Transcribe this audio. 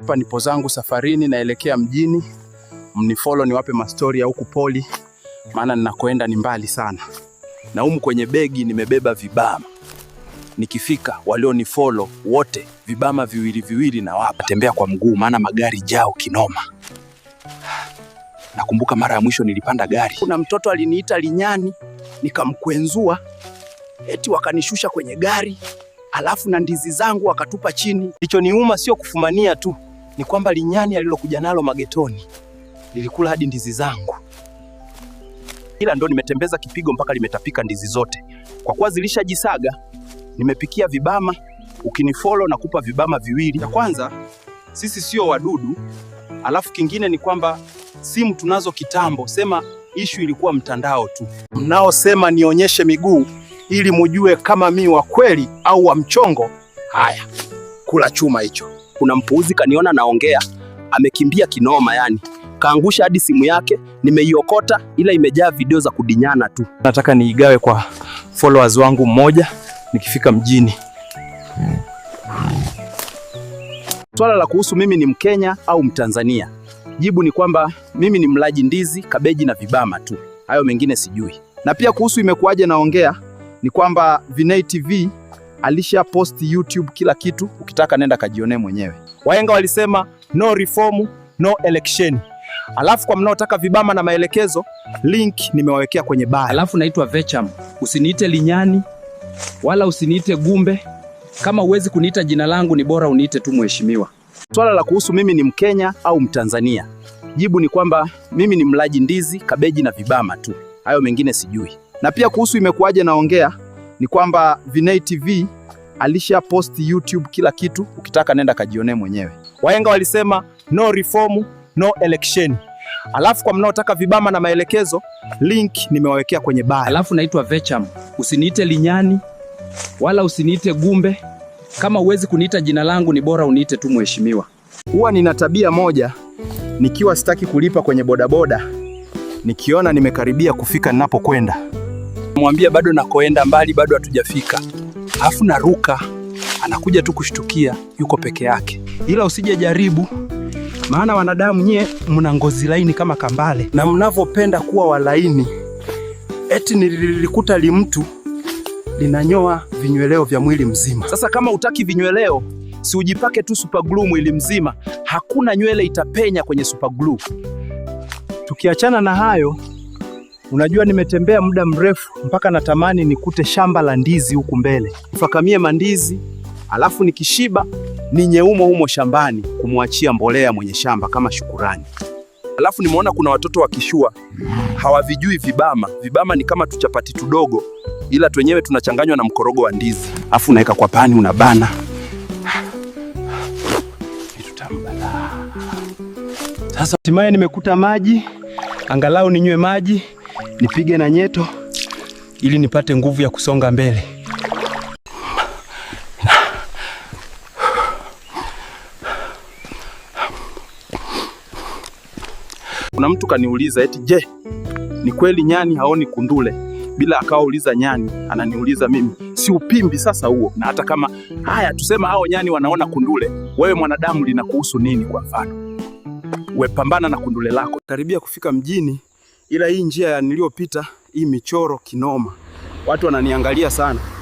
Hapa nipo zangu safarini, naelekea mjini. Mnifollow niwape mastori ya huku poli, maana ninakoenda ni mbali sana, na humu kwenye begi nimebeba vibama. Nikifika walionifollow wote, vibama viwili viwili na wapa. Tembea kwa mguu, maana magari jao kinoma. Nakumbuka mara ya mwisho nilipanda gari, kuna mtoto aliniita linyani, nikamkwenzua eti wakanishusha kwenye gari, alafu na ndizi zangu wakatupa chini. Kilichoniuma sio kufumania tu ni kwamba linyani alilokuja nalo magetoni lilikula hadi ndizi zangu, ila ndo nimetembeza kipigo mpaka limetapika ndizi zote. Kwa kuwa zilishajisaga, nimepikia vibama. Ukinifollow na kupa vibama viwili. Ya kwanza, sisi sio wadudu, alafu kingine ni kwamba simu tunazo kitambo. Sema ishu ilikuwa mtandao tu. Mnaosema nionyeshe miguu ili mujue kama mi wa kweli au wa mchongo, haya kula chuma hicho kuna mpuuzi kaniona naongea, amekimbia kinoma, yani kaangusha hadi simu yake. Nimeiokota ila imejaa video za kudinyana tu. Nataka niigawe kwa followers wangu mmoja nikifika mjini. Swala la kuhusu mimi ni Mkenya au Mtanzania, jibu ni kwamba mimi ni mlaji ndizi, kabeji na vibama tu, hayo mengine sijui. Na pia kuhusu imekuwaje naongea ni kwamba Vinei TV alisha post YouTube kila kitu, ukitaka nenda kajione mwenyewe. Wahenga walisema no reform no election. Alafu kwa mnaotaka vibama na maelekezo, link nimewawekea kwenye bio. Alafu naitwa Vecham, usiniite Linyani wala usiniite Gumbe. Kama uwezi kuniita jina langu, ni bora uniite tu mheshimiwa. Swala la kuhusu mimi ni Mkenya au Mtanzania, jibu ni kwamba mimi ni mlaji ndizi, kabeji na vibama tu, hayo mengine sijui. Na pia kuhusu imekuwaje naongea ni kwamba Vinei TV alisha post YouTube kila kitu, ukitaka nenda kajionee mwenyewe. Wahenga walisema no reform no election. Alafu kwa mnaotaka vibama na maelekezo, link nimewawekea kwenye bio. Alafu naitwa Vecham, usiniite Linyani wala usiniite Gumbe. Kama uwezi kuniita jina langu, ni bora uniite tu mheshimiwa. Huwa nina tabia moja, nikiwa sitaki kulipa kwenye bodaboda, nikiona nimekaribia kufika ninapokwenda namwambia bado nakoenda mbali, bado hatujafika. Alafu naruka, anakuja tu kushtukia yuko peke yake. Ila usije jaribu, maana wanadamu nyie mna ngozi laini kama kambale na mnavyopenda kuwa walaini. Eti nililikuta limtu linanyoa vinyweleo vya mwili mzima. Sasa kama utaki vinyweleo, si ujipake tu super glue mwili mzima, hakuna nywele itapenya kwenye super glue. Tukiachana na hayo Unajua, nimetembea muda mrefu mpaka natamani nikute shamba la ndizi huku mbele, fakamie mandizi, alafu nikishiba ninye umo humo shambani kumwachia mbolea mwenye shamba kama shukurani. Alafu nimeona kuna watoto wakishua hawavijui vibama. Vibama ni kama tuchapati tudogo, ila twenyewe tunachanganywa na mkorogo wa ndizi, alafu unaweka kwa pani, unabana Sasa hatimaye nimekuta maji, angalau ninywe maji nipige na nyeto ili nipate nguvu ya kusonga mbele. Kuna mtu kaniuliza eti, je, ni kweli nyani haoni kundule? Bila akawauliza nyani, ananiuliza mimi. Si upimbi sasa huo? Na hata kama haya tusema hao nyani wanaona kundule, wewe mwanadamu linakuhusu nini? Kwa mfano, wepambana na kundule lako. Karibia kufika mjini ila hii njia niliyopita hii michoro kinoma, watu wananiangalia sana.